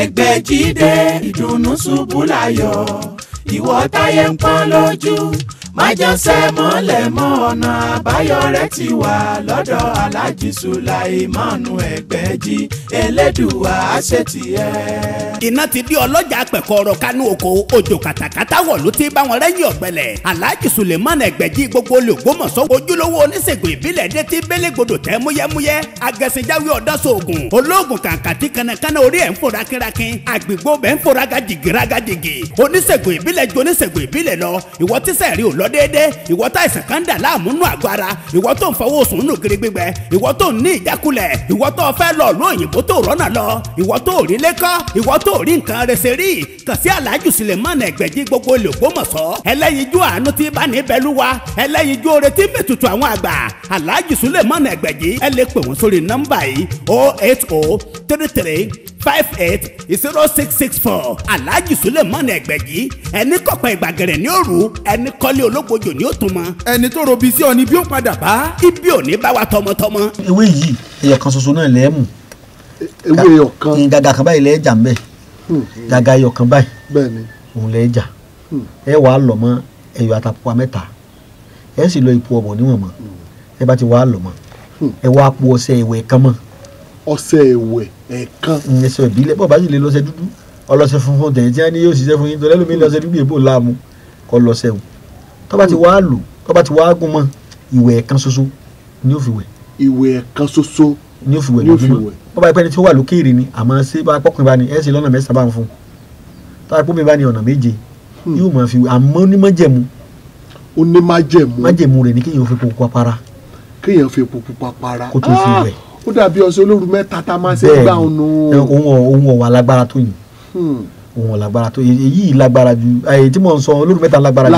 ẹgbẹ́ jíde ìdùnnú ṣubú láyọ̀ ìwọ táyé ń pọ́n lójú májẹsẹ mọlẹ mọ ọ̀nà àbáyọ rẹ ti wà lọ́dọ̀ alhaji sulaimanu ẹgbẹji elédùà àṣetì ẹ. iná ti di ọlọ́jà pẹ̀kọ́rọ̀ kanú oko òjò kàtàkàtà wọ̀ ló ti bá wọn rẹ́yìn ọ̀gbẹ́lẹ̀ alhaji sulaimanu ẹgbẹji gbogbo olùgbòmọ̀sọ́ ojúlówó oníṣègùn ìbílẹ̀ dé ti bẹ́lẹ́gbọdọ̀ tẹ́ múyẹ́múyẹ́ agẹsẹ̀jáwé ọ̀dọ́sọ̀ọ̀gùn olóògùn kàǹkàtì kànnàkànnà orí ẹ̀ ń fò rákínrákín àgbègbè bẹ́ẹ̀ ń fò rágàjìgì rágàjìgì oníṣègùn ìbílẹ̀ ju oníṣègùn ìbílẹ̀ lọ ìwọ tíṣẹ̀ rí ò lọ lọ déédéé ìwọ táìsàn kan dà láàmú nù àgọ́ ara ìwọ tó ń fọwọ́ sùn nù gírí gbígbẹ ìwọ tó ń ní ìjákulẹ̀ ìwọ tó fẹ́ lọ ló òyìnbó tó rọ́nà lọ ìwọ tó rí lẹ́kọ́ ìwọ tó rí nǹkan rẹsẹ̀ rí kàn sí aláàjù Suleiman Ẹgbẹ̀jì gbogbo olè Ògbómọ̀ṣọ́ ẹlẹ́yinjú àánú tí bá ní bẹ́lúwa ẹlẹ́yinjú oore tí mẹ́tutù àwọn àgbà aláàjù Suleiman Ẹgbẹ̀jì ẹ lè pè wọ́n sórí nọ́mbà yìí 08033 five eight zero six six four alhaji suleiman ẹgbẹ̀jì ẹni kọ̀pẹ́ ìgbàgẹ̀rẹ̀ ní òru ẹni kọ́lé ológbojò ní òtúmọ̀. ẹni tó robi sí ọ ni bí ó padà bá. ibi ò bá wa tọmọtọmọ. ewé yìí ẹyọ kan ṣoṣo náà lẹ́ẹ̀mù. E-, ewé ẹyọ kan. gàgà kan báyìí lẹ́ẹ̀jà ń bẹ̀. gàgà hmm. ẹyọ kan báyìí. bẹ́ẹ̀ni. òun lẹ́ẹ̀jà. Hmm. ẹ wà á lọ mọ ẹyọ àtàpọ̀ mẹ́ta ẹ sì lọ ipò ọ̀bọ̀ níwọ̀n mọ́ hmm. ẹ bá ti wà á lọ mọ́ ẹ wá po ọṣẹ ìwẹ̀ kan mọ́ ọṣẹ ìwẹ̀ ẹ̀ẹ̀kan. ẹsẹ̀ ìbílẹ̀ bọ́ọ̀ bá sì lè lọ́ṣẹ dúdú ọlọ́ṣẹ funfun tẹ̀yìn tí wọ́n ní yóò ṣiṣẹ́ fún yín tó lẹ́lòmíì lọ́ṣẹ dúdú èbó láàmú kọ́ lọ́ṣẹ o tó ti wá lò tó ti wá gún mọ́ ìwẹ̀ ẹ̀ẹ̀kan ṣoṣo ni yóò fi wẹ̀. ìwẹ̀ ẹ̀ẹ̀kan ṣoṣo ni yóò fi wẹ̀ lójúmọ́ bó bá tí ó wà lókèèrè ni àmọ́ ṣé bá pọ́kùn bá ní ẹ̀ ṣe lọ́nà mẹ́sàn-án bá ń fún tó bá pọ́kùn bá ní ọ̀nà méje hmm. yóò máa fi ni kéèyàn fi pupa para. kéèyàn fi pupa para. tó fi ah! wẹ̀ ó dàbí ọ̀sẹ̀ olóru mẹ́ta tá a máa ṣe gbà ọ̀nà. ohun ohun ọ̀wà lágbára tó yìí hmm. ohun ọ̀làgbára tó èyí lágbára ju àyè tí mò ń sọ olóru mẹ́ta lágbára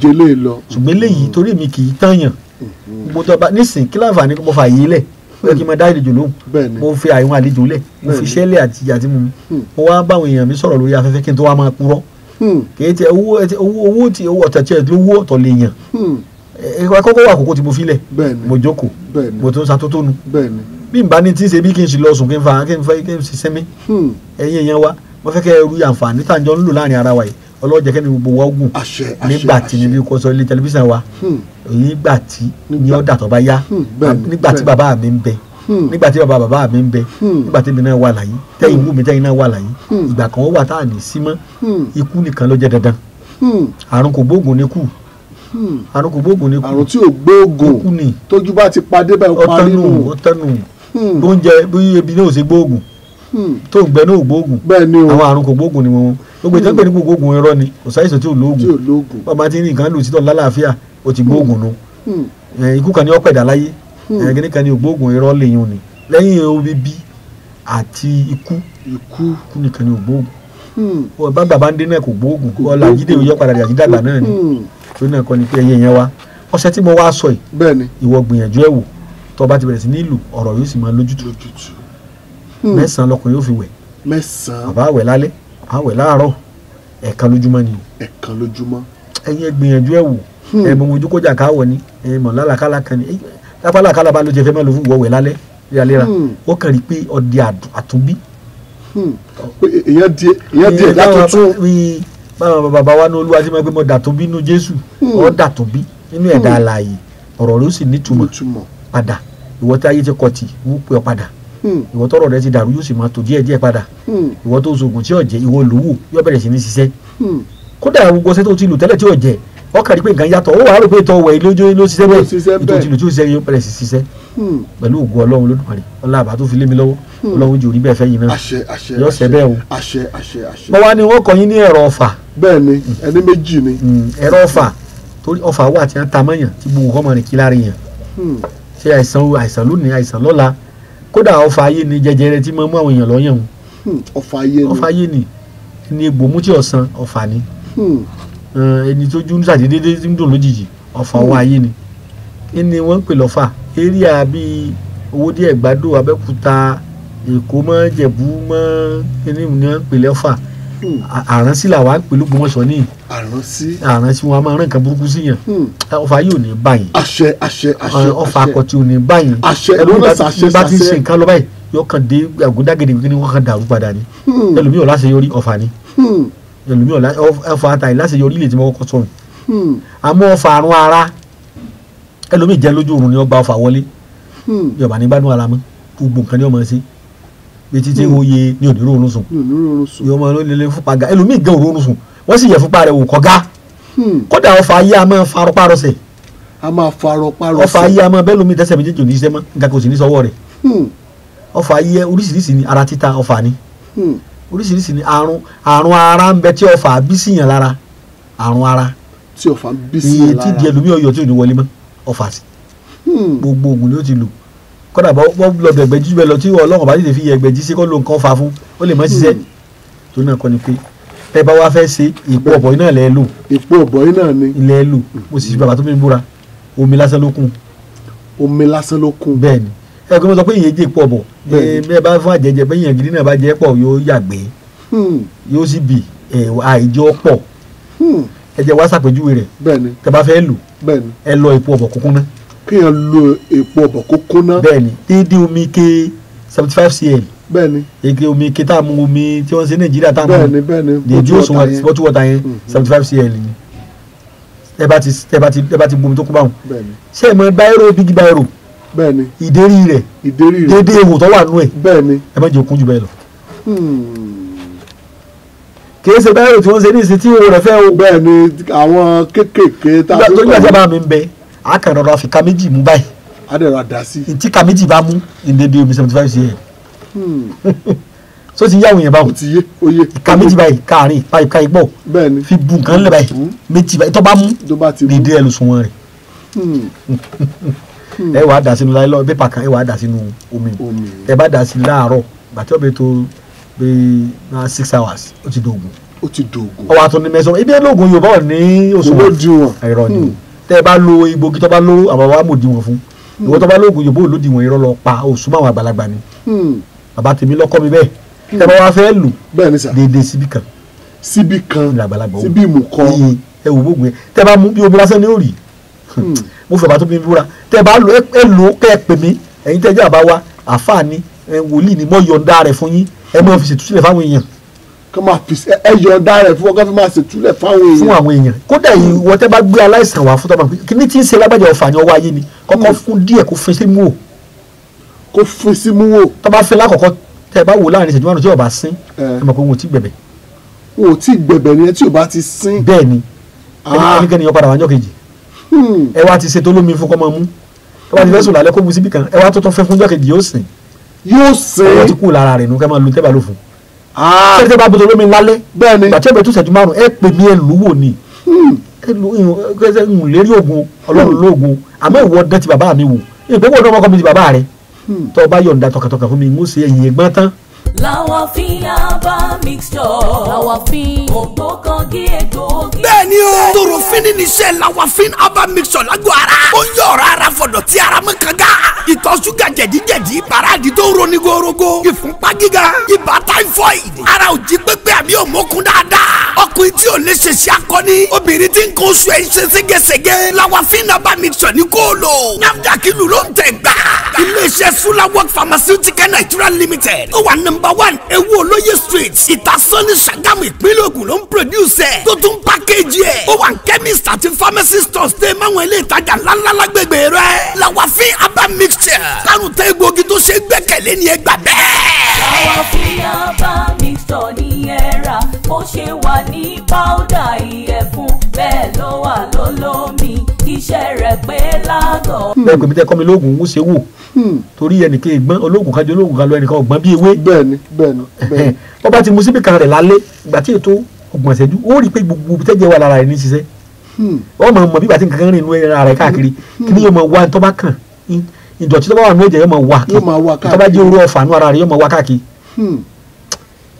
jẹ́lé lọ ṣùgbọ́n eléyìí hmm. torí mi kì í tànyàn hmm. mo tọ́ ba nísìn kí láǹfààní mo fà yí lẹ̀ pé kí n máa dá àlejò lóhùn mo fi àìwọn àlejò lẹ̀ mo fi ṣẹ́lẹ̀ àti ìyá tí mo mu mo wá báwọn èèyàn mi sọ̀rọ̀ lórí afẹ́fẹ́ kí n tó wá máa purọ́ kìí tẹ owó owó tí owó ọ̀tọ̀ tí ẹ lówó ọ̀tọ̀ lè yàn ẹ kọ́kọ́ wà àkókò tí mo fi lẹ̀ mo jókòó mo tún ṣàtótónu bí n bá ní tí ń ṣe bí kí n sì lọ sùn kí n fa kí n fa kí n sì sinmi hmm. ẹ̀yin èèyàn wa mo fẹ́ kẹ́ ẹ ru àǹfààní tá à ń jọ ń lò láàrin ara wa yìí ọlọ́jẹ́ kẹ́ni gbogbo wa gùn nígbà tí níbi kò sọ ilé tẹlifíṣàn wa hmm. nígbà tí ní ọ̀dà tó bá yá hmm, nígbà tí bàbá mi ń bẹ nígbà tí bàbá bàbá mi ń bẹ nígbà tí mi náà wà láyé tẹ́yìn wù mí tẹ́yìn náà wà láyé ìgbà kan wà tá à ní sí ikú nìkan ló jẹ́ dandan àrùn kò gbóògùn ní kù àrùn kò gbóògùn ní kù àrùn tí ò gbóògùn tójú bá ti padé báyìí ó parí nù ọ̀tẹ́nù ọ̀tẹ́nù bó hmm. ń jẹ bí ebi náà ṣe gbóògùn hmm. tó ń gbẹ náà gbóògùn àwọn àrùn kò gbóògùn ni wọn gbogbo ìtàn pé ní kò gbóògùn irọ́ ni kò sáyẹ̀sọ̀ tí ò lóògùn bàbá tí ní nǹkan lù títọ̀ lálàáfíà ó ti hmm. gbóògùn nu ikú kan ní ọ̀pẹ̀ dà láyé ẹ̀ẹ́dẹ́gbẹ̀rún kan ní ògbóògùn irọ́ lèyìn òní lẹ́yìn omi bí àti ikú ikú nìkan ní ògbóògùn wọn bá bàbá ń dé náà kò gbóògùn ọlà jíde òye padà dé àjídàgbà náà ni tó náà kọ́ ni pé ẹyẹ yẹn wá ọṣẹ tí mo wá sọ yìí ìwọ gbìyànjú ẹ̀ wò tó bá ti bẹ̀rẹ̀ sí ní ìlú ọ̀rọ̀ yóò sì máa lójútùú hmm. mẹ́sàn-án lọkùnrin yóò fi wẹ̀ mẹ́sàn-án bàbá wẹ̀ lálẹ́ bàbá wẹ̀ láàárọ̀ ẹ̀ẹ̀kan lójúmọ́ ni o ẹ̀ẹ̀kan lójúmọ́ ẹ̀yin ẹ gbìyànjú ẹ̀ wò hmm. ẹ̀ mọ̀ ojú kọjá káwọ̀ ni ẹ̀ mọ̀ lálàkálà kan ni lápálákálà bá ló jẹ fẹ́ máa lò fún ìwọ̀wẹ̀ lálẹ́ léraléra hmm. ó kàn rí pé ọdẹ àtúnbí. èèyàn di èèyàn di ẹ̀dá tuntun. báwọn bàbá wa ní olúwa ìwọ tí ayé ti kọ tì wú pé ọ padà hmm. ìwọ tọrọ rẹ ti dàrú yóò sì máa tò díẹ̀ díẹ̀ padà hmm. ìwọ tó sògùn tí ọjẹ ìwọ lòwò yóò bẹ̀rẹ̀ sí ní ṣiṣẹ́ hmm. kódà gbogbo ọṣẹ tó ti lò tẹ́lẹ̀ tí ọjẹ ọkàn rí pé nǹkan yàtọ̀ ó wàá rò pé ìtọ wẹ lójó ló ṣiṣẹ́ bẹ́ẹ̀ ìtò ti tí ó ṣiṣẹ́ yóò bẹ̀rẹ̀ sí ṣiṣẹ́ pẹ̀lú ògùn Ọlọ́run Olódùmarè Ọlọ́run àbá tó fi lé mi lọ́wọ́ Ọlọ́run jòrí bẹ́ẹ̀ fẹyìn náà yọ ṣẹ bẹ́ẹ̀ o mo wá ní wọn kọ yín ní ẹ̀rọ ọfà. bẹ́ẹ̀ni ẹni méjì ni. ẹ̀rọ ọfà torí ọfà wà tí wọn ta mọyàn tí gbogbo ọmọ rìn kí láàrin yàn ṣe àìsàn àìsàn lónìí àìsàn lọ́la kódà ọfà ayé ni jẹjẹrẹ tí mo mú àwọn èèyàn lọ́yàn wọn. Hmm, ọfà ayé ni ọfà ayé ni ni egbò mú tí ọ̀sán ọfà ni hmm. ẹni tó jú ṣàdédé ń dùn lójijì ọfà ọwọ́ hmm. ayé ni ẹni wọ́n ń pè lọ́fà eria bíi owó díẹ̀ gbádùn abẹ́kúta èkó mọ́ jẹ̀bú mọ́ ẹni wọ́n ń pè lọ́fà. Hmm. àránsí làwa ń pèlú gbọmọsọ ní. àránsí. àránsí wọn a máa rán nǹkan burúkú sí yàn. Hmm. ọfà yóò ní báyìí. àṣẹ àṣẹ àṣẹ. o akọ̀tì ò ní báyìí. àṣẹ ìrọ́lẹ́sà àṣẹ sàṣẹ. bá ti ń ṣe nǹkan lọ báyìí yóò kàn dé àgùndàgèdè kí ni wọ́n kàn dàrú padà ni. Hmm. ẹlòmíì ọ̀la ṣe yọrí ọ̀fà ni. ẹlòmíì ọ̀fà àtàyè láṣẹ yọrí ilé tí wọ́n kọ́ sọ̀rọ̀. àmọ́ ọ̀fà àrùn ara ẹlòmíì jẹ́ lójú òrùn ni ọgbà ọ̀fà wọlé. yọ̀bà ní gbádùn ara mọ́ gbogbo nǹkan ni ọmọ ṣe etí tí wo ye ní òní rórun sùn ní ọmọ ló lele fúnpa ga ẹlòmíì gan òrórun sùn wọ́n sì yẹ fúnpa rẹ̀ wò kọ́gá hmm. kódà ọfà ayé a máa farọ parọsẹ̀ a máa farọ parọsẹ̀ ọfà ayé a máa bẹ́ẹ̀ lómi tẹ́sẹ̀ méjèèjì òní iṣẹ́ mọ́ nǹkan kò sì ní sọ́wọ́ rẹ̀ hmm. ọfà ayé oríṣiríṣi ni ara títa ọfà ni hmm. oríṣiríṣi ni àrùn àrùn ara ń bẹ tí ọfà bí síyàn lára àrùn ara tí tí di ẹlòmíì ọyọ tí ò kódà bọ́ lọ bẹ̀gbẹ́ jù bẹ́ẹ̀ lọ tí ọlọ́run bá tètè fi yẹ̀gbẹ́ jí sí kó ló ń kọ́ fa fún ó lè mọ́ hmm. ṣiṣẹ́ tó náà kọ́ ni pé tẹ́ bá wá fẹ́ ṣe ìpò ọ̀bọ̀ iná lẹ́ẹ̀ lò. ìpò ọ̀bọ̀ iná ni. ilẹ̀ lò mo sì fi bàbá tó fi ń búra omi lásán ló kún. omi lásán ló kún. bẹ́ẹ̀ni ẹ kò sọ pé ìyẹn jẹ ìpò ọ̀bọ̀ bẹ́ẹ̀ bá fún àjẹjẹ pé ìyẹn gidi náà bá jẹ pọ̀ yóò yàgbé hmm. yóò sì bì àìjọ pọ̀ hmm. ẹ jẹ́ wá ṣàpèjúwe rẹ̀ tẹ́ bá fẹ́ lò ẹ lọ ìpò ọ̀bọ̀ kúnkún náà kéèyàn lo epo ọbọ̀ kó kóná. bẹ́ẹ̀ni ìdí omi ike seventy five cl. bẹ́ẹ̀ni ike omi ike tá a mu omi tí wọ́n ṣe nàìjíríà tá a mu. bẹ́ẹ̀ni bẹ́ẹ̀ni ojú òṣùwọ̀n bottle water yẹn mm-hmm. seventy five cl ni ẹ bá ti ẹ bá ti ẹ bá ti bomi tó kó báwọn. bẹ́ẹ̀ni ṣé ẹ mọ báyìrò bíi báyìrò. bẹ́ẹ̀ni ìdérí rẹ ìdérí rẹ dédé ihò tó wà nú ẹ. bẹ́ẹ̀ni ẹ má jẹ òkun jù bẹ́ẹ̀ lọ. Hmm. kìí ṣe báyìrò tí wọ́n ṣe ní ìsìn tí ihò rẹ fẹ́ o. bẹ́ẹ̀ni àwọn kéékèèké tá a tó kọ. a bá mi a kàn rọra fi ka méjì mú báyìí. a dẹ̀ ra dà sí. tí ka méjì bá mú ìdèdè omi seventy five cm. so ti yá àwọn èèyàn báwọn. o ti yé o yé. ka méjì báyìí káàrin ka igbó. bẹ́ẹ̀ni fi bu nǹkan lẹ̀ báyìí hmm. méjì báyìí tó bá mú dèdè ẹ̀ ló sun wọn rẹ̀. Hmm. ẹ wàá dà sínú láìlọ pépà kan ẹ wàá dà sínú omi ẹ bá dà sí láàárọ̀ gbàtí ọbẹ̀ tó bíi six hours ó ti dògùn. ó ti dògùn. ọwọ́ àtúndínmẹ́sọ̀ ebi ẹ̀ lóògùn Yorùbá ò ní òṣùwọ̀n. òṣùwọ̀n di wọn. ẹ̀rọ ni o. Hmm tẹ́ ẹ bá lo egbògi tó bá lóró àwọn wa mò díwọ̀n fún ìwọ tó bá lóògùn òyìnbó lòdìwọ̀n irọ́ lọ pa òṣùmọ àwọn àgbàlagbà ni hmm. bàbá tèmi lọ́kọ́ mi bẹ́ẹ̀ tẹ́ bá wa fẹ́ lò déédéé síbì kan síbì kan síbì mú kọ ẹ wò gbogbo yẹn tẹ́ bá mú bí omi lásán ní òrì hmm. mo fẹ́ bá tó mi búra tẹ́ bá lò ẹ lò kẹ́ ẹ pè mí ẹ̀yin tẹ́jú àbá wa àfáà ni wòlíì ni mo yọ̀ǹda rẹ̀ fún yín ẹ mọ̀ fi ṣètúsílẹ̀ fáwọn èèyàn kọ́ máa pèsè ẹ yọ̀ǹda rẹ̀ fún ọkọ́ fi máa ṣètúlẹ̀ fáwọn èèyàn. fún àwọn èèyàn kódà ìwọ tẹ bá gbé aláìsàn wá fún tọ́ba pé kí ni tí ń ṣe lágbàjá ọ̀fà ni ọwọ́ ayé ni kọ́kọ́ fún díẹ̀ kó fi símú wò. kó fi símú wò. tọ́ba fi lákọ̀ọ́kọ́ tẹ bá wò láàrin ìṣẹ́jú márùn tí ọba sín ẹ mọ̀ pé wọn ò tí gbẹ̀bẹ̀. wọn ò tí gbẹ̀bẹ̀ ni ẹ tí ò bá ti sín. bẹ́ẹ̀ ni ah. ẹnikẹ́ni yọ padà wájọ́ kejì hmm. ẹ wá ti ṣètò olómi fún kọ́mọ mú ẹ wá ti fẹ́ sùn lálẹ́ kó mu síbì kan ẹ wá tó tán sẹ́ni tẹ́ bá bọ́tọ̀ lómi lálẹ́ bẹ́ẹ̀ni gbàtí ẹ̀bẹ̀ tó ṣẹ́jú márùn ẹ pè mí ẹ lù wò ni hmm. ẹ ń lérí ogun ọlọ́run hmm. lóògùn àmọ́ ìwọ dẹ́ ti bàbá mi wò ìgbẹ́wò ọdún ọmọkọ mi ti bàbá rẹ hmm. tọ́ ọ bá yọ̀ǹda tọkàtọkà fún mi ń ṣe ẹ̀yìn ẹ̀gbọ́n tán làwàfíà bá mixture. làwàfín. ògbókangí egbòogi. bẹ́ẹ̀ ni o. torofin ni iṣẹ́ làwàfín aba mixture lágbo ara. ó ń yọ ọ̀rọ̀ ara fọ̀dọ̀ tí ara mọ́ kanga. ìtọ̀ ṣúgà jẹ̀díjẹ̀dí paradì tó roni gorogo. ìfúnpá gíga ibà typhoid. ara ò jí pépé àbí òmókun dáadáa. ọkùnrin tí ò lè ṣe ṣe akọni. obìnrin tí ń kó oṣù ẹ̀ ń ṣe ségesège. làwàfín aba mixture ní kó lò. nàfdàkìlù limited. ó wà number one ewu olóye street ìtasán ní Ṣàgámù ìpínlẹ̀ Ògùn ló ń produce ẹ̀ tó tún package ẹ̀ ó wà ní chemist àti pharmacy stores tẹ́ máwọn ilé ìtajà ńláńlá lágbègbè rẹ̀ làwàfin abá mixture lárùn tẹ́ egbògi tó ṣe gbẹ́kẹ̀lé ni ẹ gbà bẹ́ẹ̀. làwàfin abá mixture ni ẹ rà bó ṣe wà ní powder yìí iṣẹ́ rẹ̀ pé lágọ̀ọ́. ẹ pèmí tẹ kọ́ mi lóògùn ń ṣe wò hmm. torí ẹnìkan ìgbọ́n olóògùn kájọ olóògùn kan lọ ẹnìkan ọ̀gbọ́n bíi ewé. bẹ́ẹ̀ni bẹ́ẹ̀ni bẹ́ẹ̀ni. wọ́n bá ti mu síbìkan rẹ̀ lálẹ́ ìgbà tí ètò ọgbọ̀n ìṣẹ́jú ó rí i pé gbogbo tẹ́jẹ̀ wà lára rẹ̀ ní ṣiṣẹ́. wọ́n mọ̀ mọ̀ bí bàtí nǹkan rìn inú ara rẹ̀ káàkiri hmm. kí ni yóò mọ̀ wá tó bá kàn ìdọ̀tí tó bá wà nínú ẹ̀jẹ̀ yóò mọ̀ wá káàkiri tó bá jẹ́ orú ọ̀fà nínú ara rẹ̀ yóò mọ̀ wá káàkiri. Hmm.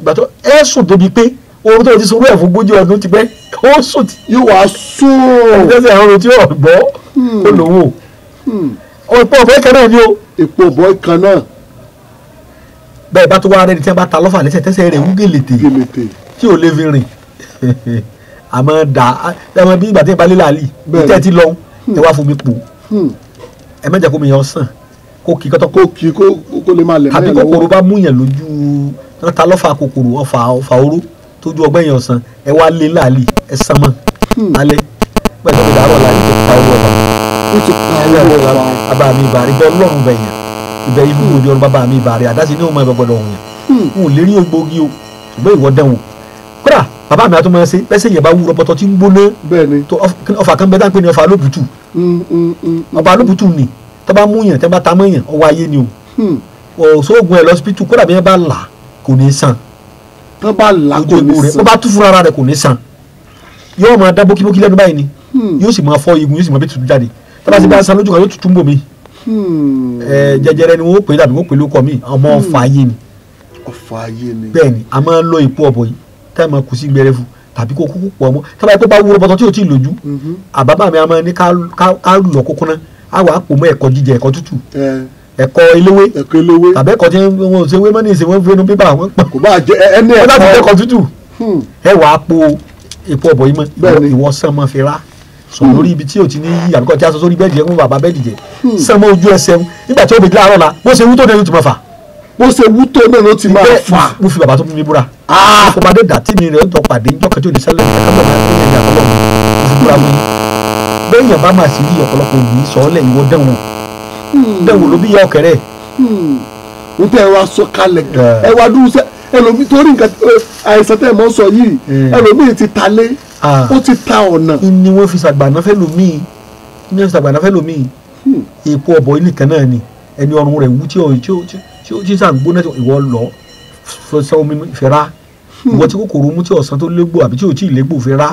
ìgbà tó ẹ̀ sùn débi pé orun tó ti sọ wẹ́ẹ̀ fún ogójì ọdún ti pẹ́ ó sùn tí yóò wá sùn ẹ̀ẹ́dẹ́sẹ̀ ọrùn tí yóò gbọ́ hmm. ó lòwò epo ọ̀bọ ìkan ni o. epo ọ̀bọ ìkan náà. bẹ́ẹ̀ bá tó wá rẹ́ni tí wọ́n bá ta lọ́fà lẹ́sẹ̀ tẹ́sẹ̀ rẹ̀ ń gèlètè tí ò lè fi rìn àmọ́ dà àmọ́ bí ìgbà tí ìbálẹ̀ làálì tẹ́ ti lọ hmm. ẹ wá fomi pò hmm. ẹ mẹ́jẹ̀ kó mi yàn sàn kó kí kọ́tọ́ kó kí kó lè máa lẹ̀ mẹ́rin lọ́wọ́ tàbí kòkòrò bá múyàn lójú ta lọ́fà kòkòrò ọ̀fà ọ̀fà oró tójú ọgbẹ́ yẹn ọ̀sán ẹ wá lé láàlì ẹ sàn mọ́ hmm. alẹ́ pẹ̀lú ìdá àrọ̀ láàlì tó pa owó ọ̀la ó ti pa owó ọ̀la bàbá mi ìbàrí bẹ́ẹ̀ lọ́rùn bẹ̀ yẹn ibẹ̀ ibi wo ni ọ̀run bàbá mi ìbàrí àdáṣe ní òun ẹ̀gbọ́dọ̀ òun yẹn n ò lérí ògbógi o ṣùgbọ́n ìwọ dẹ̀ wọn kódà bàbá mi àtúmọ̀ ẹsẹ̀ bẹ́sẹ̀ yẹn bá wúrọ̀ pọ̀tọ́ tí ń gbóná ọfà kan bẹ́ẹ̀ dáńpé ni ọfà alóbùtù hmm, hmm, ọfà alóbùtù ni tó bá mú yàn tó bá tamọ́ yàn ọwọ́ ayé ni o ọ̀ṣọ́gun ẹ̀ lọ́sibítù kódà bí wọ́n bá là kò ní sàn tán bá làágùn ní sàn. tó bá tú fúnra rẹ̀ kò ní sàn yóò máa dá bókíbókí lẹ́nu báyìí ni hmm. yóò sì máa fọ́ igun yóò sì máa bí tuntun jáde tó bá hmm. bá san lójú kan yóò tuntun bò mí. Hmm. jẹjẹrẹ ni wọ́n pè é dàbí wọ́n pè é lóko mi ọmọ ọ̀fà ayé ni. ọ̀fà ayé ni. bẹ́ẹ̀ ni a máa ń lọ ìpó ọ̀bọ yìí tá a máa kù sí gbẹrẹ fún tàbí kó kúkú pọ̀ ọmọ tó bá kó bá wúro bọ́tọ̀ tí ò tí ì lójú mm-hmm. mi a máa ní ká lọ kókóná á wà á pò mọ́ ẹ̀kọ́ jíjẹ ẹ̀kọ́ tútù ẹ̀kọ́ eléwé ẹ̀kọ́ eléwé àbẹ́kọ̀ tí wọ́n ṣe wé mọ́nì ìṣèwọ́n fẹ́nu pépà wọ́n pọ̀ kò bá jẹ ẹni ẹ̀kọ́ láti jẹ́kọ̀ tútù hmm. ẹ wàá po epo ọ̀bọ̀ yìí mọ́ ìwọ sàn mọ́ fi rá sọ hmm. lórí ibi tí o ti ní yí àbíkọ́ tí a sọ sórí bẹ́ẹ̀dì yẹn fún bàbá bẹ́ẹ̀dì jẹ hmm. sàn mọ́ ojú ẹsẹ̀ nígbà tí o bèèrè láàárọ̀ la bó ṣe wú tó dẹ́nu tó máa fà bó ṣe wú tó náà ló ti máa fà. mo fi bàbá tó mú mi búra. Ah! mo pàdé dàtí mi rẹ̀ ọjọ́ pàdé ìjọ kan tí ò ní sẹ́lẹ̀ ìjọ kan bẹ̀rẹ̀ ẹ̀yìn ẹ̀yìn àkọlọ́ mi mo fi búra mi. bẹ́ẹ̀ yẹn bá máa sì rí ọ̀pọ̀lọpọ̀ òbí sọ̀ọ́lẹ̀ ìwọ dẹ́wọ̀n Hmm. bẹ́ẹ̀ wò ló bí ya ọ̀kẹ́rẹ́ n hmm. tẹ́ ẹ wá sọ kalẹ̀ ẹ wá dúró sẹ́ ẹlòmí torí nǹkan àìsàn tẹ́ ẹ mọ́ sọ yìí hmm. ẹlòmí ti ta lé ó ti ta ọ̀nà. ni wọ́n fi ṣàgbàná fẹ́ lòmíì ni wọ́n fi ṣàgbàná fẹ́ lòmíì èpo ọ̀bọ̀ ilé kan náà ni ẹni ọrùn rẹ̀ wú tí ó tí ó sàgbóná ìwọ lọ sọ omi fẹ́ra ìwọ tí kòkòrò mú tí ọ̀sán tó légbò àbí tí ò tí ì légbò fi rá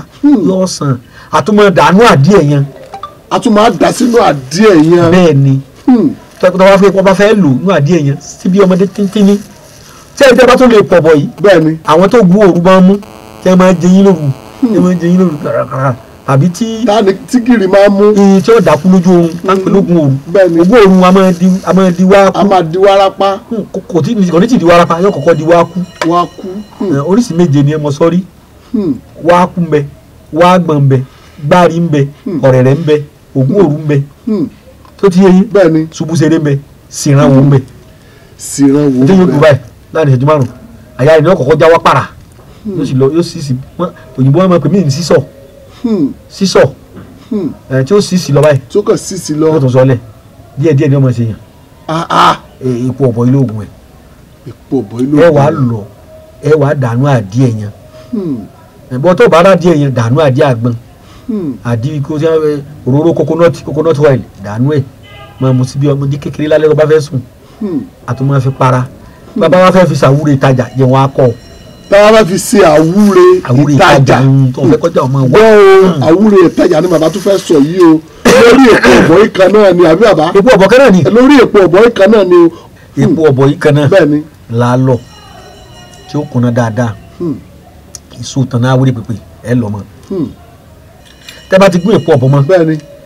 lọ́sàn àtúmọ̀ dànù àdìẹ yẹn. àtúmọ̀ àdá sínú àdìẹ yẹn. bẹ́ẹ̀ ni lù tọ́kítọ́ wá fún ipò bá fẹ́ lù ní àdí èèyàn síbi ọmọdé tíntínní tẹ́lẹ̀ tẹ́ bá tún lè pọ̀ bọ̀ yìí bẹ́ẹ̀ni àwọn tó gún òru máa ń mú tẹ́ máa jẹ yín lóru hmm. tẹ́ máa jẹ yín lóru kàràkàrà àbí tí tí kiri máa ń mú iye tí ó dàkú lójú oorun hmm. láǹpẹ̀ lógun òru ògùn òru a máa di a máa di wá kú a máa di wárápá hmm, kò tí kò ní ti di wárápá yóò kọ́kọ́ di wá kú wá kú eh, oríṣi méje ni ẹ mọ sọ́rí wá kú ń bẹ wá gbọ̀n ń bẹ gbárí ń bẹ ọ̀rẹ̀rẹ̀ ń bẹ ògùn òru ń bẹ tó ti yé yín bẹ́ẹ̀ ni ṣubú ṣeré mbẹ sìnrán wò mbẹ sìnrán wò mbẹ déyìn òkú báyìí láàrin ìṣẹ́jú márùn àyà rẹ̀ náà kọ́kọ́ já para yóò sì lọ yóò sì sì òyìnbó wọn máa pè mí ní sísọ hmm. sísọ hmm. ẹ tí ó sì sì lọ báyìí tó kàn sì sì lọ tó sọ lẹ díẹ̀ díẹ̀ ni wọn máa ṣe yàn epo ọ̀bọ ilé oògùn ẹ epo ọ̀bọ ilé oògùn ẹ wàá lọ ẹ wàá dànù àdìẹ yẹn hmm. ẹ̀bọ́n tó bá rà díẹ̀ yẹn dànù àdìẹ àgbọn Hmm. àdí kó tí wọn òróró coconut coconut oil dànù ẹ máa mu síbi ọmọdé kékeré lálẹ́ ló bá fẹ́ sùn àtúmọ̀ hmm. máa fi para hmm. bàbá wa fẹ́ fi sàwúre ìtajà yẹn wọn á kọ́ ọ. bàbá wa fi ṣe àwúre ìtajà gbọ́ àwúre ìtajà ni bàbá tó fẹ́ sọ yìí o lórí èpo ọ̀bọ̀ yìí kan náà ni àbí bàbá èpo ọ̀bọ̀ kan náà ni lórí èpo ọ̀bọ̀ yìí kan náà ni o. èpo ọ̀bọ̀ yìí kan náà lálọ̀ tí ó kùnà dáadáa èso tán náà wúre pèpè ẹ lọ mọ tẹ́ bá ti gún èpo ọ̀bọ̀ mọ́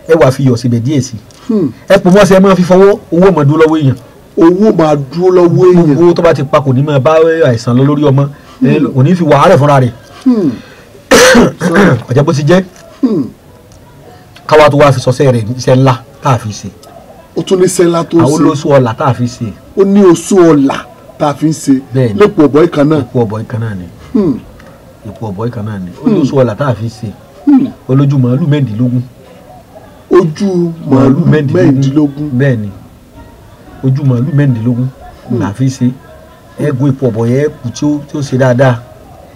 ẹ wà fi yọ̀ síbẹ̀ díẹ̀ sí hmm. ẹ pò mọ́ sí ẹ máa fi fọwọ́ owó máa dúró lọ́wọ́ èèyàn. owó máa dúró lọ́wọ́ èèyàn. owó tó bá ti pa kò ní máa bá àìsàn lọ lórí ọmọ hmm. kò ní fi wàhálẹ̀ fúnra rẹ̀ ọ̀jẹ̀ hmm. bó ti jẹ́ káwa tó wá fi sọ́sẹ́ rẹ̀ iṣẹ́ ńlá tá a fi ṣe. ó tún ní iṣẹ́ ńlá tó ṣe àwọn olóṣù ọ̀la tá a fi ṣe. ó ní oṣù ọ̀la tá a fi ń ṣe lẹ́pọ̀ ọ̀bọ̀ ìkan náà. lẹ́pọ̀ ọ̀bọ̀ ìkan náà ni. lẹ́pọ̀ ọ̀bọ̀ ìkan náà ni. ó ní oṣù ọ̀la tá a fi ṣe olójú màálù mẹ́ẹ̀ẹ́dínlógún. ojú màálù mẹ́ẹ̀ẹ́dínlógún bẹ́ẹ̀ ni ojú màálù mẹ́ẹ̀ẹ́dínlógún hmm. là fi ṣe ẹ gun ipò ọ̀bọ̀ yẹn kù tí ó ṣe dáadáa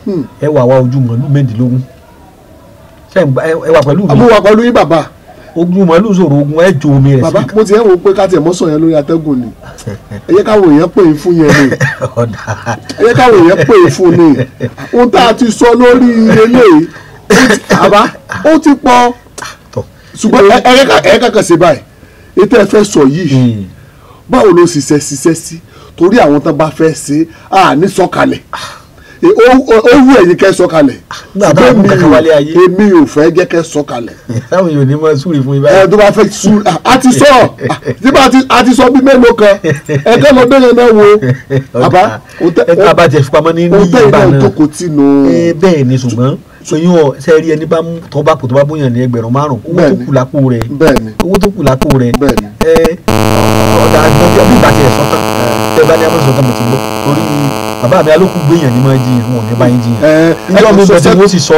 hmm. ẹ wà wá ojú màálù mẹ́ẹ̀ẹ́dínlógún ẹ wà pẹ̀lú mi. àbúrò wà pẹ̀lú yín bàbá ogun màálù sọ̀rọ̀ ogun ẹ jo omi rẹ̀ sí. bàbá mo ti ẹ̀ wò pé ká tiẹ̀ mọ́ sọ̀yẹn lórí atẹ́gùn ni ẹ yẹ káwọn èèyàn pè é fún yẹn ni ẹ yẹ káwọn èèyàn pè é fún ni ohun tá a ti sọ lórí eléyìí àbá ó ti pọ̀ ṣùgbọ́n ẹ̀ẹ́dẹ́gbẹ̀ẹ́ kan ṣe báyìí ètò ẹ̀fẹ́ sọ yìí hmm. báwo ló ṣiṣẹ́ ṣiṣẹ́ sí torí àwọn tán bá fẹ́ ṣe à ní sọ̀kalẹ̀ ó wù ẹ̀yin kẹ́ sọ̀kalẹ̀ èmi ò fẹ́ jẹ́ kẹ́ sọ̀kalẹ̀. táwọn yóò ní mọ súre fún ibà. ẹ tó bá fẹ́ súre a ti sọ nígbà a ti sọ bí mélòó kan ẹ kẹ́ lọ bẹ́yẹn náà wo àbá. ẹ ká bá jẹ fipamọ́ ní yíyí ìbànú. ó bẹ́ẹ̀ náà tó kò tí nù. bẹ́ẹ̀ ni ṣùgbọ́n sọyún ọ ṣe rí ẹni bá mú tọ́ bá kò tó bá bóyá ní ẹgbẹ̀rún márùn owó tó kù lápò rẹ owó tó kù lápò rẹ ọ̀dà àgbọ̀jọ́ bí ìbàjẹ́ sọ́tàn tẹ́ bá ní abọ́ sọ́tàn mo ti gbọ́ torí bàbá mi alókù gbéyàn ní máa jiyàn wọn ní báyìí jiyàn ìjọ mi bẹ̀rẹ̀ wọ́n sì sọ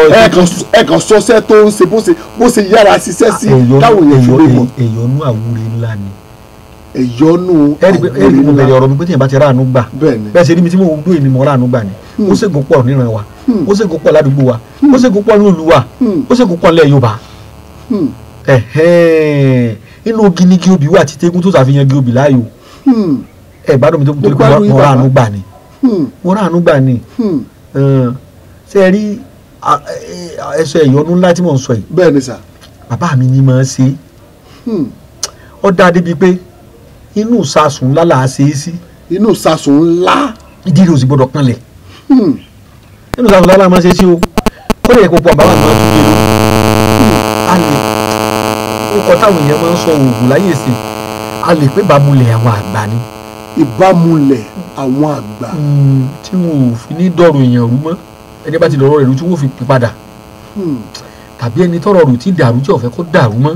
ẹ kan sọsẹ tó ń ṣe bó ṣe yára ṣiṣẹ́ sí ah, táwọn èèyàn ṣubú mọ́. èyọnú àwúre ńlá ni. èyọnú àwúre ńlá ẹ̀rí mo bẹ̀rẹ̀ ọ̀rọ̀ mi pé tíyẹn bá ti ráàánú gbà bẹ́ẹ̀ ṣe ni mi tí mo gbóyè ni mo ráàánú gbà ni ó ṣègùn pọ̀ níran wa hmm. ó ṣègùn pọ̀ ládùúgbò wa hmm. ó ṣègùn pọ̀ ní olúwa hmm. ó ṣègùn pọ̀ nílẹ̀ yorùbá inú ogi ni giobi wà tí tegun tó ṣàfihàn giobi láàyò ẹ gbádùn mi tó kún tó kún wọn ránu gbà ni wọn ránu gbà ni ṣe rí ẹsọ ìyọnu ńlá tí mò ń sọ yìí bẹ́ẹ̀ ni sà bàbá mi ni màá ṣe ó dáa débi pé inú sasùn ńlá là á ṣe é sí. inú sasùn ńlá. ìdí ò sì gbọ́dọ̀ kanlẹ̀. Hmm. nínú sàmùlá ọlá máa ṣe sí o ó lè kó pọ̀ bá wà máa ń gbé lọ alẹ́ ó kọ táwọn èèyàn máa ń sọ oògùn láyè sí alẹ́ pé bàmúlẹ̀ àwọn àgbà ni. ìbámulẹ̀ àwọn àgbà. Hmm, tí wọn ò fi ní dọ̀rọ̀ èèyàn rú mọ́ ẹni bá ti dọ̀rọ̀ rẹ̀ rú tí wọ́n fi pè padà hmm. tàbí ẹni tọ̀rọ̀ rù tí dàrú tí ó fẹ́ kó dàrú mọ́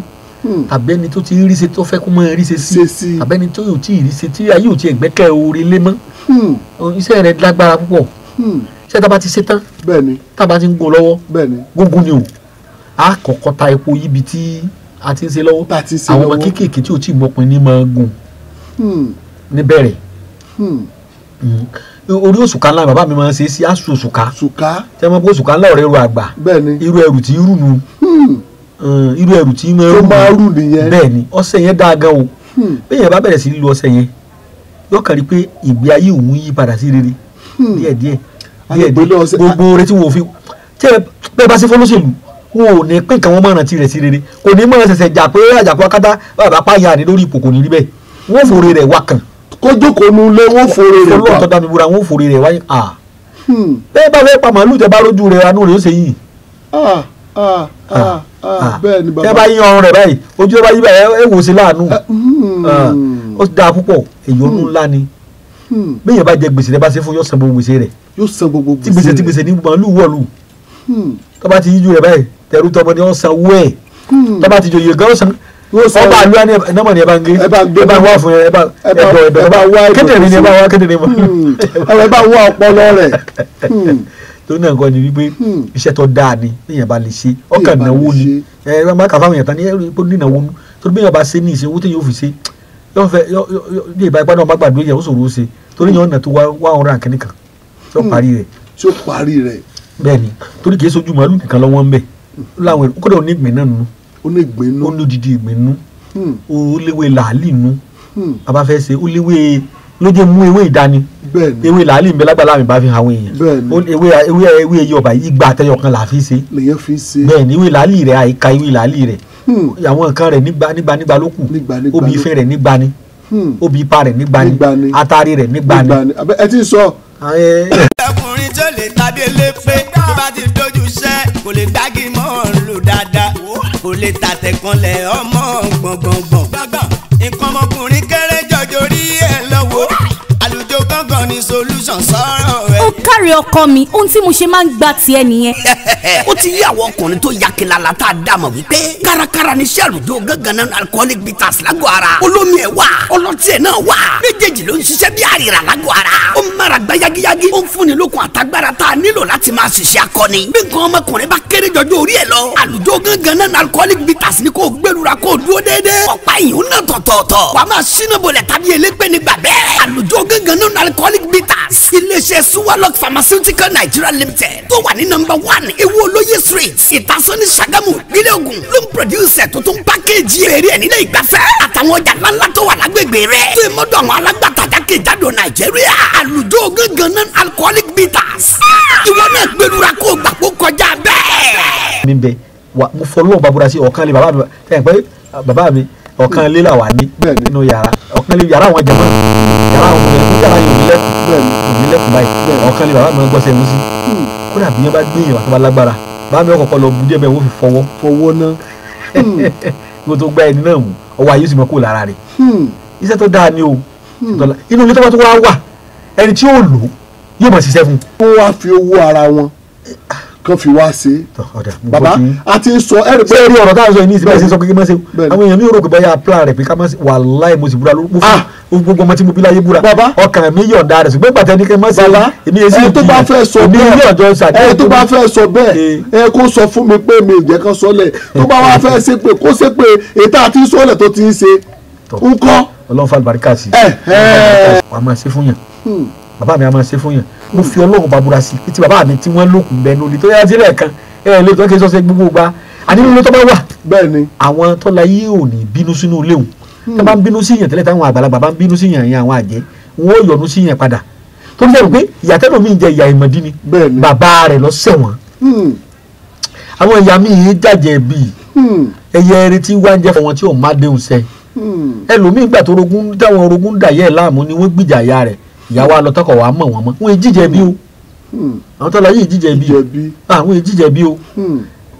tàbí ẹni tó ti rí ṣe tó fẹ́ kó mọ́ rí ṣe sí tàbí ẹni tó yóò tí ì rí ṣe tí ayé ò tiẹ̀ gbẹ́kẹ̀ orí lé mọ́ iṣẹ́ rẹ̀ lágbára púpọ̀ Hmm. ṣé tá a bá ti ṣe tán tá a bá ti ń go lọ́wọ́ gógó ni o a kọ́kọ́ ta epo yíbi tí a ti ń ṣe lọ́wọ́ àwọn ọmọ kéékèèké tí ò tí ì mọpin ní máa gùn hmm. níbẹ̀rẹ̀ hmm. orí òṣùká ńlá bàbá mi máa ń ṣe é sí àṣù òṣùká tí a máa bó òṣùká ńlá ọ̀rẹ́ ru àgbà irú ẹrù tí rù nu irú ẹrù tí máa rù nìyẹn bẹ́ẹ̀ ni ọṣẹ yẹn dáa gan o bẹ́ẹ̀ yẹn bá bẹ̀rẹ̀ sí lílo ọṣẹ yẹn yọkàn rí pé ìgbé ayé òun yí padà sí rere díẹ̀díẹ̀ gbogbo rẹ tí wò fi tẹ bẹ́ẹ̀ bá ṣe fọlọ́ṣèlú wọn ò ní pín kan wọn máa rántí rẹ̀ sí rere kò ní máa ṣẹ̀ṣẹ̀ jà pé àjàpọ̀ ah, akátá bàbá pààyà ni lórí ipò kò ní rí bẹ́ẹ̀ wọ́n fòrè rẹ̀ wá kàn. kó jókòó nu lé wọ́n fòrè rẹ̀ wá. olóòótọ́ dá mi búra wọ́n fòrè rẹ̀ wá yín. Ah. Hmm. bẹ́ẹ̀ bá fẹ́ pa màálù tẹ bá lójú rẹ̀ anú rẹ̀ ó ṣe yìí. Ah, bẹ́ẹ̀ ni bàbá. tẹ bá yín ọrùn rẹ̀ báyìí ojú ẹ bá yí bẹ́ẹ̀ ẹ wò sí láàánú. Hmm. ó dáa púpọ̀ èyí ó nù hmm. ńlá ni. bẹ́ẹ̀ yẹn bá jẹ gbèsè rẹ̀ bá ṣe fún yọ̀ọ́ yóò san gbogbo gbèsè rẹ̀ tí gbèsè tí gbèsè ní màálù wọ̀lù hmm. tó bá ti yíjú rẹ̀ báyìí tẹ̀rù tọmọ ni wọ́n san owó ẹ̀ hmm. tó bá ti jòyè gan san ọba àlú ẹni nọmọ ni ẹ bá ń gé ẹ bá ń wá fún ẹ bá ẹbọ ẹbẹ ẹ bá wá kéde mi ni ẹ bá wá kéde mi mọ hmm. ẹ bá wá ọpọlọ rẹ̀ tó náà kọ́ ni wípé iṣẹ́ tó dáa ni èèyàn bá lè ṣe ọkàn náwó ni ẹ ẹ má kà fáwọn èèyàn tán ní ẹ ẹ nínáwó nu torí bí èèyàn bá ṣe ní ìṣe owó tí yóò fi ṣe yóò fẹ́ yóò yóò yóò ìbá ipá náà má gbàdúrà yẹn ó ṣòro ó ṣe torí yẹn ọ̀nà tó wá wá ọ̀rọ̀ àkíní kan tí ó parí rẹ̀. tí ó parí rẹ̀. bẹ́ẹ̀ni torí kìí sojú màálù nìkan lọ́wọ́ ń bẹ láwọn ẹ̀rọ kódà oní ìgbín náà nù. oní ìgbín nù. olódìdí ìgbín nù. oléwé hmm. làálì nù. Hmm. abáfẹ́ ṣe oléwé ló jẹ́ mú ewé ìdání. bẹ́ẹ̀ni ewé làálì nbẹ lágbàlá mi bá fi hàn àwọn èèyàn. bẹ́ẹ̀ni ewé ewé ewé eyín ọba igba àtẹyọ kan là fi ṣe. lèyàn fi ṣe. bẹ́ẹ̀ni ewé làálì rẹ̀ àyíká ewé làálì rẹ̀. Hmm. àwọn nǹkan rẹ̀ nígbà nígbà nígbà ló kù. nígbà nígbà ló kù obì ife rẹ̀ nígbà ni. obì ipa rẹ̀ nígbà ni. atari rẹ̀ nígbà ni. ẹ ti sọ ọkùnrin tó lè tàbí elépe tó bá ti dojú iṣẹ́ kò lè gbági mọ́ ọ̀run lò dáadáa kò lè tàtẹ̀kànlẹ̀ ọmọ gbọ̀ngbọ̀ngbọ̀n. nǹkan ọmọkùnrin kéré jọjọ rí ẹ lọ́wọ́ àlùjọ gángan ni solution sọ̀rọ̀ káre ọkọ mi ohun tí mo ṣe máa ń gba tiẹ̀ nìyẹn. ó ti yí àwọn ọkùnrin tó yakilala tá a dá mọ̀ wípé kárakára ni sẹ́rùjó gángan alcoholic bitters lágọ̀ ara olómi ẹ̀ wà ọlọ́tí ẹ̀ náà wà méjèèjì ló ń ṣiṣẹ́ bí àrìrà lágọ̀ ara ó ń mara gba yagiyagi ó ń fúnni lókun àtagbára tá a nílò láti máa ṣiṣẹ́ akọni bí nǹkan ọmọkùnrin bá kéré jọjọ orí ẹ̀ lọ àlùjó gángan alcoholic bitters náà sí iléeṣẹ́ suwalok pharmaceutical nigeria limited tó wà ní nọ́mbà one ewu olóye street ìtasọ́ni sagamu nílẹ̀ ogun ló ń produce tó tún pákéjì eré ẹ̀ nílẹ̀ ìgbafẹ́ àtàwọn ọjà ńláńlá tó wà lágbègbè rẹ̀ tó yẹ mọ́tò àwọn alágbàtàjà kejìdádò nàìjíríà àlùjọ gángan non alcoholic bitters ìwọ náà gbẹlura kó gbàgbó kọjá bẹ́ẹ̀. mi bẹ wa mo fọ lóun bàbá mi ọ̀kan lè bàbá mi fẹ́ràn pé bàbá mi ọ̀kan ilé làwà ní nínú yàrá ọ̀kan ilé yàrá àwọn jẹmọ́ yàrá àwọn ọmọ ẹgbẹ́ yàrá yóò nílẹ̀kùn nílẹ̀kùn báyìí ọ̀kan ilé bàbá mi gbọ́ sẹ́nu sí hmm. kódà bí yẹn bá gbìyànjú àti bá lágbára bá mi ọkọ̀ọ̀kọ̀ lọ bu díẹ̀ bẹ́ẹ̀ wọ́n fi fọwọ́. fọwọ́ náà. Hmm. kó tó gbá ẹni náà mú ọwọ́ ayé sì mọ́ kó lára rẹ̀ hmm. iṣẹ́ tó dáa ni o inú ilé tó bá tó wá wà ẹni tí yóò lò yóò mọ̀ ṣiṣẹ́ fún. wọ́n wá fi owó ara wọn eh, ah kan fi wá ṣe baba a ti sọ ẹrù pé. sẹ́ẹ̀rì ọ̀rọ̀ táwọn sọ yìí ní ìsìnkú ẹ̀sìn sọ kékeré mọ́sẹ̀ àwọn èèyàn mi ò rò pé báyà plan rẹ̀ pé ká mọ́sẹ̀ wàláì mo sì búra lórúkọ fún ah! gbogbo ọmọ tí mo bí láyé búra ọkàn mi yọ̀ǹda rẹ̀ ṣùgbọ́n pàtẹ́ ní kẹ́ mọ́sẹ̀ èmi èsì ìdí ẹ̀ tó bá fẹ́ sọ bẹ́ẹ̀ ẹ kó sọ fún mi pé mi ìjẹ́ kan sọlẹ̀ tó bá wá fẹ́ ṣe pé kó ṣe pé ètò àti sọlẹ̀ tó ti ń ṣe ń kọ́. ọlọ́run fàlùbáríkà sí i wàá máa ṣe fún yàn hmm. bàbá mi á máa ṣe fún yàn mo fi ọlọ́run bàbúrà sí etí bàbá mi tí wọ́n lókun bẹ́ẹ̀ lórí tó yára sí lẹ́ẹ̀kan ẹ ẹ lóòótọ́ kí n sọ ṣe gbogbo gba àní nínú tó bá wà. bẹ́ẹ̀ni. àwọn tọ́lá yìí ò ní bínú sínú ilé òun tó bá ń bínú sí yàn tẹ́lẹ̀ táwọn àgbàlagbà bá ń bínú sí yàn yàn àwọn àjẹ́ wọn ò yọnu sí yàn padà tó ń dẹrù pé ìyá tẹ́lẹ̀ mi jẹ ìyá ìmọ̀dí ni bàbá rẹ̀ lọ sẹ̀wọ̀n hmm. àwọn ìyá mi yìí jàjẹ́ bíi hmm. ẹyẹ eré tí wá ń jẹ́ fọwọ́n tí ò má déhùn sẹ́ hmm. ẹlòmíì gbà tó rogún táwọn rogún dàyẹ́ láàmú ni wọ́n gbìjà ya rẹ̀ ìyàwó alọ́tọ́kọ̀ wa mọ̀ wọ́n mọ́ wọ́n èjìjẹ bí o hmm. àwọn tó lọ yìí jíjẹ bí o àwọn èjìjẹ bí o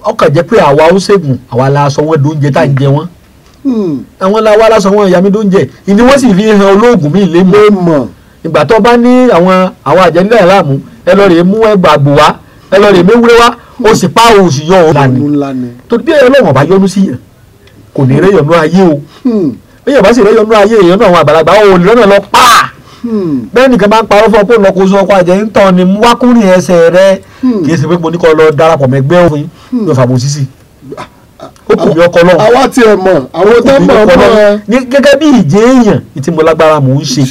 ọkàn hmm. jẹ́ pé àwa ó ṣègùn àwa la sọ wọ́n dóúnjẹ tá à ń jẹ wọ́n hmm. àwọn la wá lásán wọn ìyá mi dóúnjẹ ìní wọ́n sì fi hàn olóògùn mi lé mọ́ ìgbà tó bá ní àwọn àwọn àjẹnílẹ̀ láàmú ẹ lọ rèé mú ẹgbàá gbò wá ẹ lọ rèé méwúrẹ́ wá ó sì pa òsì yọ ọ́ lánìí tó bí Ọlọ́run bá yọ́nú sí yàn kò ní rẹ́yọ̀nú ayé o bí yàn bá sì rẹ́yọ̀nú ayé èèyàn náà àwọn àgbàlagbà ò lọ́nà lọ pàà Hmm. bẹ́ẹ̀ nìkan bá ń parọ́ fún ọ pé òun lọ́kọ́ oṣù ọkọ àjẹ́ ń tàn ní wákùnrin ẹsẹ̀ rẹ hmm. kì í ṣe pé mo ní kọ́ lọ darapọ̀ mẹ́gbẹ́ òfin ló hmm. fàbọ̀ sísì ó kù mí ọkọ lọ́wọ́. àwa tiẹ̀ mọ̀ àwọn tó mọ̀ ọ́ mọ̀ ẹ́. ní gẹ́gẹ́ bí ìjẹ́ èèyàn ìtí mo lágbára mò ń ṣe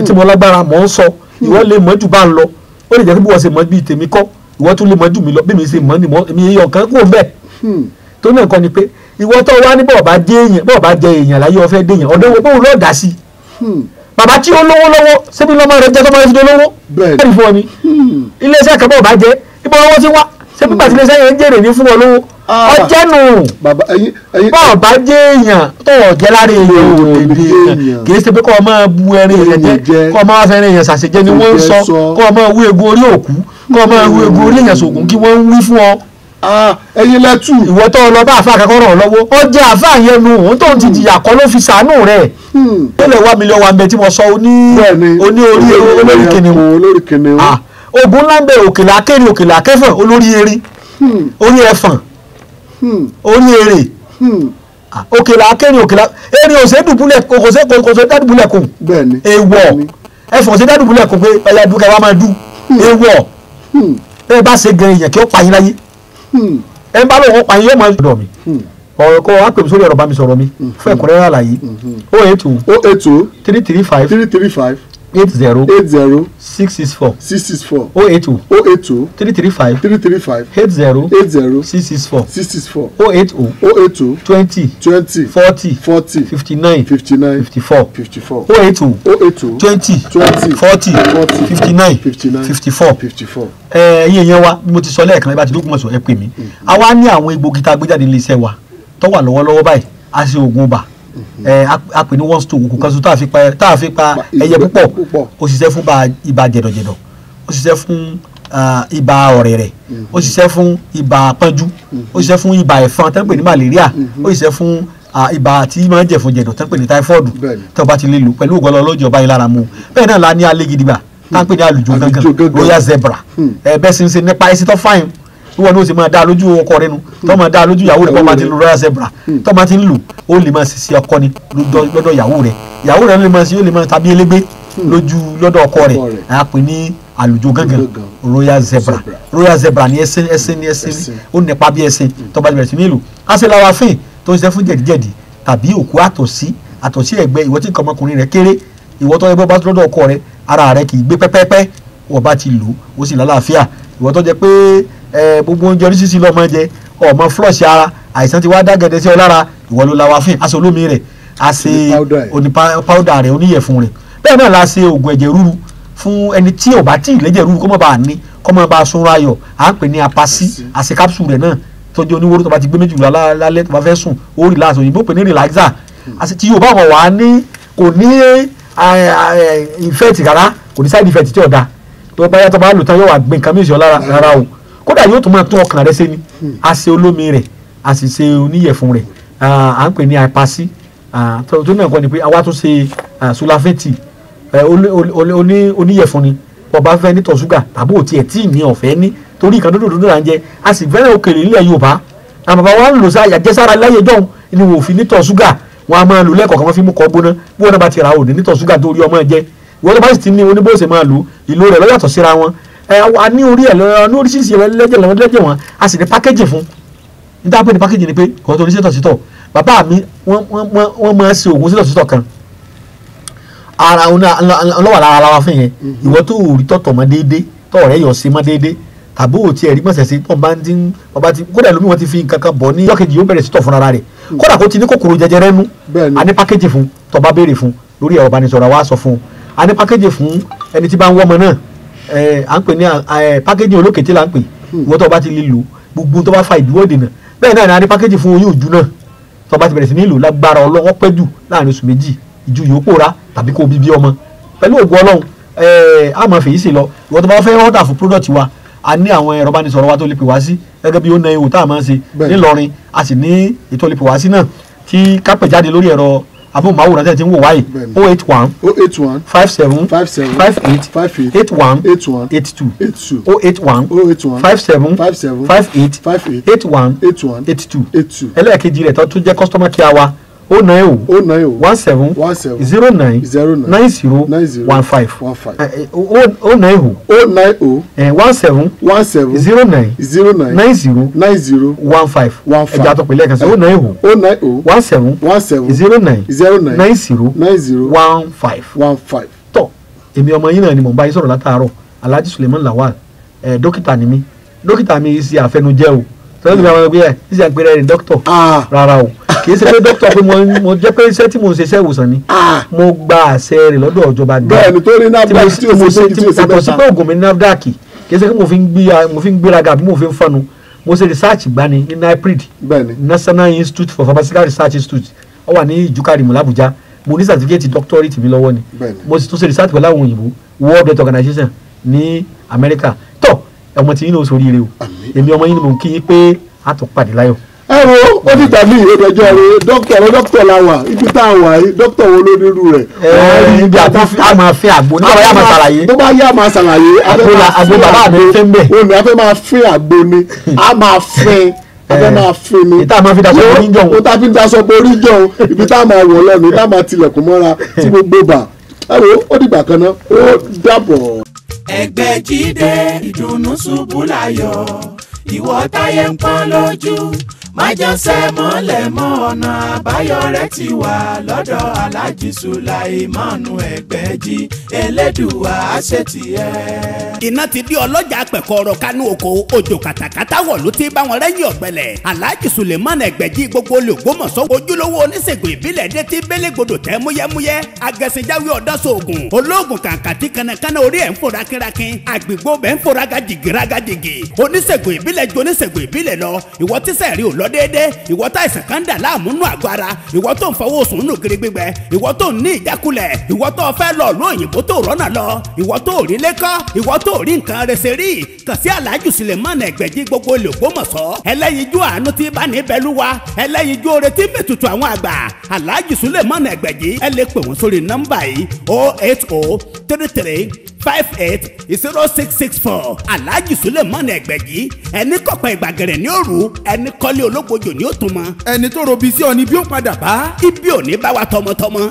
ìtí mo lágbára mò ń sọ ìwọ lè mọ̀ jù bá ń lọ ó lè jẹ́ bí wọ́n ṣe mọ̀ bíi tèmi kọ́ ìwọ tún lè mọ̀ jù mí lọ bí mi ṣe mọ̀ ni mọ̀ èmi èèyàn kan kò bẹ́ẹ̀ tó náà kọ́ ni pé ìwọ tó wá ní bọ́ọ̀ bá jẹ́ èèyàn láyé ọ fẹ́ èèyàn ọ̀dọ́ wo bàbá tí ó lówó lọ́wọ́ síbi lọ́mọ rẹ̀ jẹ́ tọ́mọ rẹ̀ ti dolówó bẹ́ẹ̀ fún ọ ni hmm. iléeṣẹ́ kan bọ̀ bá jẹ́ ibo lọ́wọ́ ti wá síbi pàtí iléeṣẹ́ yẹn ń jèrè ní fún ọ lówó ah. ọjẹ́ nù bọ́ọ̀ bá jẹ́ èèyàn tó ọ̀jẹ́ lára èèyàn ò dédé èèyàn kì í ṣe pé kọ́ ọ máa bu ẹrin èèyàn jẹ kọ́ ọ máa fẹ́ràn èèyàn ṣàṣejẹ ni wọ́n ń sọ kọ́ ọ máa wú egun orí òkú kọ́ ọ máa wú egun orí èèyàn ṣògùn kí wọ́n ń wí fún ọ Ah, ẹyin lẹ́tù. ìwọ tó lọ bá àfa kankan ràn lọ́wọ́ ọjà àfa yẹn nu òun tó ń ti jìyà kọ́ ló fi sàánú rẹ̀. tẹ́lẹ̀ hmm. wá mi lọ wa mbẹ tí mo sọ oní oní orí olórí kìnìún ah, ogun ńlá ń bẹ òkèlà akérè òkèlà akẹfọn olórí erin hmm. orí ẹfọn hmm. orí èrè ah, òkèlà akérè òkèlà erin òsèdùbúlẹ̀ òsèdùbúlẹ̀ kò ewọ̀ ẹfọn òsèdùbúlẹ̀ kò pé ẹ̀yà dúkẹ́ wa máa dú ewọ̀ bẹ́ẹ̀ bá ṣe gẹ̀rẹ̀ yẹn kí ó pa yín láyé ẹ bá lóun pa yóò máa dọ̀ mí hmm. ọ̀rọ̀ kọ́ wá pèmí sórí ọ̀rọ̀ bá mi mi hmm. fún ẹ̀kúnrẹ́rẹ́ àlàyé hmm. o oh eight two o oh eight two three three five three three five eight zero eight zero six six four six six four O oh eight two O eight two three three five three three five eight zero eight zero six six four six six four O eight two. O eight two twenty twenty forty forty fifty nine fifty nine fifty four fifty four O eight two O eight two twenty twenty forty forty fifty nine fifty nine fifty four fifty four ẹ̀yin èèyàn wa bí mo ti sọ lẹ́ẹ̀kan ibà tí lókun mọ̀sọ̀ ẹ pè mí àwa ní àwọn egbògi tá a gbé jáde wa tó wà lọ́wọ́lọ́wọ́ báyìí a ṣe oògùn ibà a pè ní one stone oògùn kan so tá a fi pa ẹyẹ púpọ̀ ó ṣiṣẹ́ fún ibà jẹ̀dọ̀jẹ̀dọ̀ ó ṣiṣẹ́ fún ibà ọ̀rẹ̀rẹ̀ ó ṣiṣẹ́ fún ibà pọ́njú ó ṣiṣẹ́ fún ibà ẹ̀fọn tẹ́ ní malaria ó ṣiṣẹ́ fún ibà tí máa ń jẹ̀fun jẹ̀dọ̀ tẹ́ pè ní táífọ́ọ̀dù tẹ́ ọ bá ti lè lò pẹ̀lú ògbọ́lọ́ ọlọ́jọ́ báyìí lára mu bẹ́ẹ̀ náà la ní alẹ́ gidigba káńpé ní àlùjọ gangan royal zebra hmm. ẹ bẹ́ẹ̀ sì ń ṣe nípa ẹsẹ̀ tó fáyín wíwọ ní o sì máa dá lójú ọkọ rẹ nu hmm. tó máa dá lójú ìyàwó rẹ kó máa ti lu hmm. royal zebra tó máa ti ń lù ó lè máa ṣiṣẹ́ ọkọ ni lọ́dọ̀ ìyàwó rẹ ìyàwó rẹ ló lè máa ṣe ó lè máa tàbí elégbé lójú lọ́dọ̀ ọkọ rẹ à pè ní àlùjọ gangan royal zebra royal zebra ni ẹsẹ̀ ẹsẹ̀ ni ẹsẹ̀ ó nípa bí ẹsẹ̀ tó bá bẹ̀rẹ̀ sí ní ìlú aṣèlára fín tó ń ṣiṣẹ́ fún jẹ̀díjẹ̀dí tàbí òkú àtọ̀sí àtọ̀sí ẹ̀gbẹ́ ìwọ tí nǹkan ọmọkùnrin rẹ kéré ìwọ tó yẹ bọ́ bá lọ́dọ̀ ọkọ rẹ ara rẹ kì í gbé pẹ́pẹ́pẹ́ wọ́n bá ti lò ó sì lálàáfíà ìwọ tó jẹ pé gbogbo oúnjẹ oríṣiríṣi lọ́mọ jẹ ọmọ flush ara àìsàn ti wá dágẹ̀dẹ̀ sí ọ lára ìwọ ló lawa fún aṣọ olómi rẹ̀ a se oní powder rẹ̀ oníyẹ̀fun rẹ̀ bẹ́ẹ̀ náà la ṣe oògùn ẹ̀jẹ̀ ríru fún ẹni tí ò bá tí ì lẹ́jẹ̀ ríru kó má bàa ní kó má bàa sunra ayọ̀ à ń pè ní apasi àṣe capsule rẹ̀ náà tọ́jú oníwóró tó bá ti gbé méjì lálẹ́ tó bá fẹ́ sùn ó relax òyìnbó pè ní relaxer àṣetí hmm. yóò bá wọn wà ní kò ní effect eh, eh, rárá kò ní side effect tí ò da tó bá yàtọ̀ bá lò tán yóò wá gbé nǹkan mìíràn lára rárá o kódà yóò tún máa tún ọkàn rẹ ṣe ni a ṣe olómi rẹ a sì ṣe oníyẹ̀fun rẹ à ń pè ní àìpasí tó náà kọ́ ni pé àwa tún ṣe sulafeti oníyẹ̀fun ni ọba fẹ́ nítọ̀ ṣúgà tàbí òtí ẹ̀ tí ì ní ọ̀fẹ́ ní torí ìkan dúdú dúdú là ń jẹ a sì fẹ́ràn òkèlè nílẹ̀ Yorùbá àmàbà wa ń lò sá àjẹsára láyé jọ́hún ni wò fi nítọ̀ ṣúgà wọn a máa lò lẹ́kọ̀ọ́kan wọn fi mú kọ́ gbóná bí wọn náà bá ti ra òní nítọ̀ ṣúgà tó rí ọmọ jẹ ìwọ́n tó bá sì ti ní oníbòsè máa lò ìlò rẹ̀ lọ́yàtọ̀ síra wọn a ní orí ẹ̀ lọ́yà ní oríṣiríṣi ẹ̀rọ lẹ́jẹ̀ lọ́wọ́ lẹ́jẹ̀ wọn a sì ní pákéjì fún níta pé ní pákéjì ni pé kò tó ní sétọ̀ sítọ̀ bàbá mi wọ́n máa ṣe òògùn sétọ̀ sítọ̀ kan ara ọlọ́wà lára wa fún yẹn mm-hmm. ìwọ́n tó rí tọ̀tọ̀ mọ́ déédéé tọ̀ rẹ̀ yọ̀ sí mọ́ déédéé àbó òtí ẹ̀rí mọ̀sẹ̀ sí pọ̀ bá ń dín ọba ti kódà lómi wọn ti fi nǹkan kan bọ̀ ní ọ̀kejì yóò bẹ̀rẹ̀ sí tọ̀ fúnra rẹ̀ mm. kódà kó ti ní kòkòrò jẹjẹrẹ nú a ní fún tó béèrè fún lórí ẹ̀rọ ìbánisọ̀rọ̀ wa sọ fún a ní pákéjì fún ẹni tí bá ń wọ́mọ náà à ń pè ní pákéjì olókété là ń pè mm. ìwọ tó ti lè lò gbogbo tó fa ìdíwọ́ dènà bẹ́ẹ̀ náà ni a ní pákéjì fún oyún ìjú náà tó bá ti bẹ̀rẹ̀ sí ní ìlò lágbára ọlọ́wọ́ pẹ́ jù láàrin oṣù méjì ìjú yòókù ra tàbí kó bíbí ọmọ pẹ̀lú ògùn ọlọ́run àmọ́ fèyí sí lọ ìwọ tó bá a ní àwọn ẹ̀rọ bánisọ̀rọ̀ wa tó lè pè wá sí gẹ́gẹ́ bí ó na ihò tá a máa ń ṣe nílọrin a sì ní ètò lè pè wá sí náà tí kápẹ̀ jáde lórí ẹ̀rọ afúnmáwòrán tẹ̀ tí ń wò wáyé o eight one o eight one five seven five seven five eight five eight eight one eight one eight two eight two o eight one o eight one five seven five seven five eight five eight eight one eight one eight two eight two ẹlẹ́ẹ̀kejì rẹ̀ tó tún jẹ́ customer care wa o oh, nine o oh. o oh, o one seven zero nine nine zero one five o nine o one seven one seven zero nine zero nine nine zero nine zero one five one five ẹja àtọ̀pẹ̀lẹ̀ kan sí o o o nine o eh, one seven one seven zero nine zero nine nine zero nine zero one five one five. tọ èmi ọmọ yín náà ni mò ń bá yín sọ̀rọ̀ látàárọ̀ Alhaji Suleiman Lawal eh, dókítà ni mí dókítà mi ṣe àfẹnujẹ́ o tọ́lá ti fi àwọn ẹbí ẹ̀ sísè àgbèrè rẹ̀ dókítọ̀ ah. rárá o kì í ṣe pé dókítọ̀ pé mo jẹ́ pé iṣẹ́ tí mo ṣe iṣẹ́ ìwòsàn ni ah. mo gba àṣẹ rẹ̀ lọ́dọ̀ ìjọba gbà bẹ́ẹ̀ ni tó ní nafdac tí o mo ṣe tí o ṣe tọ́ta àtọ̀sí pé oògùn mi nafdac kì í ṣe pé mo fi ń gbéraga àbí mo fi ń fọnu mo ṣe research gbani ní NIPRID National Institute for Pharmaceutical Research Institute ó wà ní ìjùkàrìmù làbújá mo ní certificate doctorate mi lọ́wọ́ ni mo sì tún ṣe research pẹ̀lú àwọn òyìnbó World Health Organization ní America ọmọ tí yín ló sórí rẹ o èmi ọmọ yín ni mò ń kí yín pé a tún pàdé láyọ̀. ẹ wo ó ti tàbí ìrẹ́jọ́ rẹ dókítà rẹ dókítà la wà ibi tá a wà yìí dókítà wo ló nínú rẹ. ẹ ibi a máa fẹ́ àgbo nígbà yà máa ṣàlàyé. tó bá yà máa ṣàlàyé àgbo bàbá mi fẹ́ mbẹ́. olùyà fẹ́ máa fẹ́ àgbo ni a máa fẹ́ abẹ́ máa fún mi. ìta máa fi daṣọ borí jọ̀ o. o ta fi daṣọ borí jọ̀ o ibi tá a máa wọ̀ lọ́nu tá a máa tilẹ̀kùn mọ́ra tí gbogbo bà. ẹ wo ó dìgbà kan náà ó dàbọ̀ ẹgbẹ́ jíde ìdùnnú ṣubú láyọ̀ ìwọ táyé ń pọ́n lójú májẹsẹ̀ mọ́lẹ̀ mọ́ ọ̀nà àbáyọ rẹ̀ ti wà lọ́dọ̀ aláàjì sùláìmánu ẹgbẹ́jì elédùwà àṣetìẹ́. iná ti di ọlọ́jà pẹ̀kọ́rọ̀ kánú oko òjò kàtàkàtà wọ̀ ló ti bá wọn rẹ́yìn ọ̀gbẹ́lẹ̀ aláàjì sùláìmánu ẹgbẹ́jì gbogbo olùgbòmọ̀sọ́ ojúlówó oníṣègùn ìbílẹ̀ dé ti bẹ́lẹ́gbọdọ̀ tẹ́ múyẹ́múyẹ́ agẹ̀sìnjáwé ọ̀dọ́sọ̀ọ̀gùn olóògùn kàǹkàtì kanakana orí ẹ̀ ń fò rákínrákín àgbègbè bẹ́ẹ̀ ń fò rágàjìgì rágàjìgì oníṣègùn ìbílẹ̀ ju oníṣègùn ìbílẹ̀ lọ ìwọ tíṣẹ̀ rí ò l lọ déédéé ìwọ tá ìsàn kan dà láàmú nù àgọ́ ìwọ tó ń fọwọ́ sùn nù gírí gbígbẹ ìwọ tó ń ní ìjákulẹ̀ ìwọ tó fẹ́ lọ ló òyìnbó tó rọ́nà lọ ìwọ tó rí lẹ́kọ́ ìwọ tó rí nǹkan rẹsẹ̀ rí kàn sí aláàjù Sulemana Ẹgbẹ̀jì gbogbo l'Ògbómọ̀ṣọ́ ẹlẹ́yinjú àánú tí bá ní bẹ́lúwa ẹlẹ́yinjú oore mẹ́tutù àwọn àgbà aláàjù Sulemana Ẹgbẹ̀jì ẹ lè pè wọ́n sórí nọ́mbà yìí 08033 five eight zero six six four alhaji Sulemana Ẹgbẹ̀jì ẹni kọ̀pẹ́ ìgbàgẹ̀rẹ̀ ní òru ẹni kọ́lé olókojò ni ó tún mọ. ẹni tó robi sí ọ ni bí ó padà bá. ibi ò ní bá wa tọmọtọmọ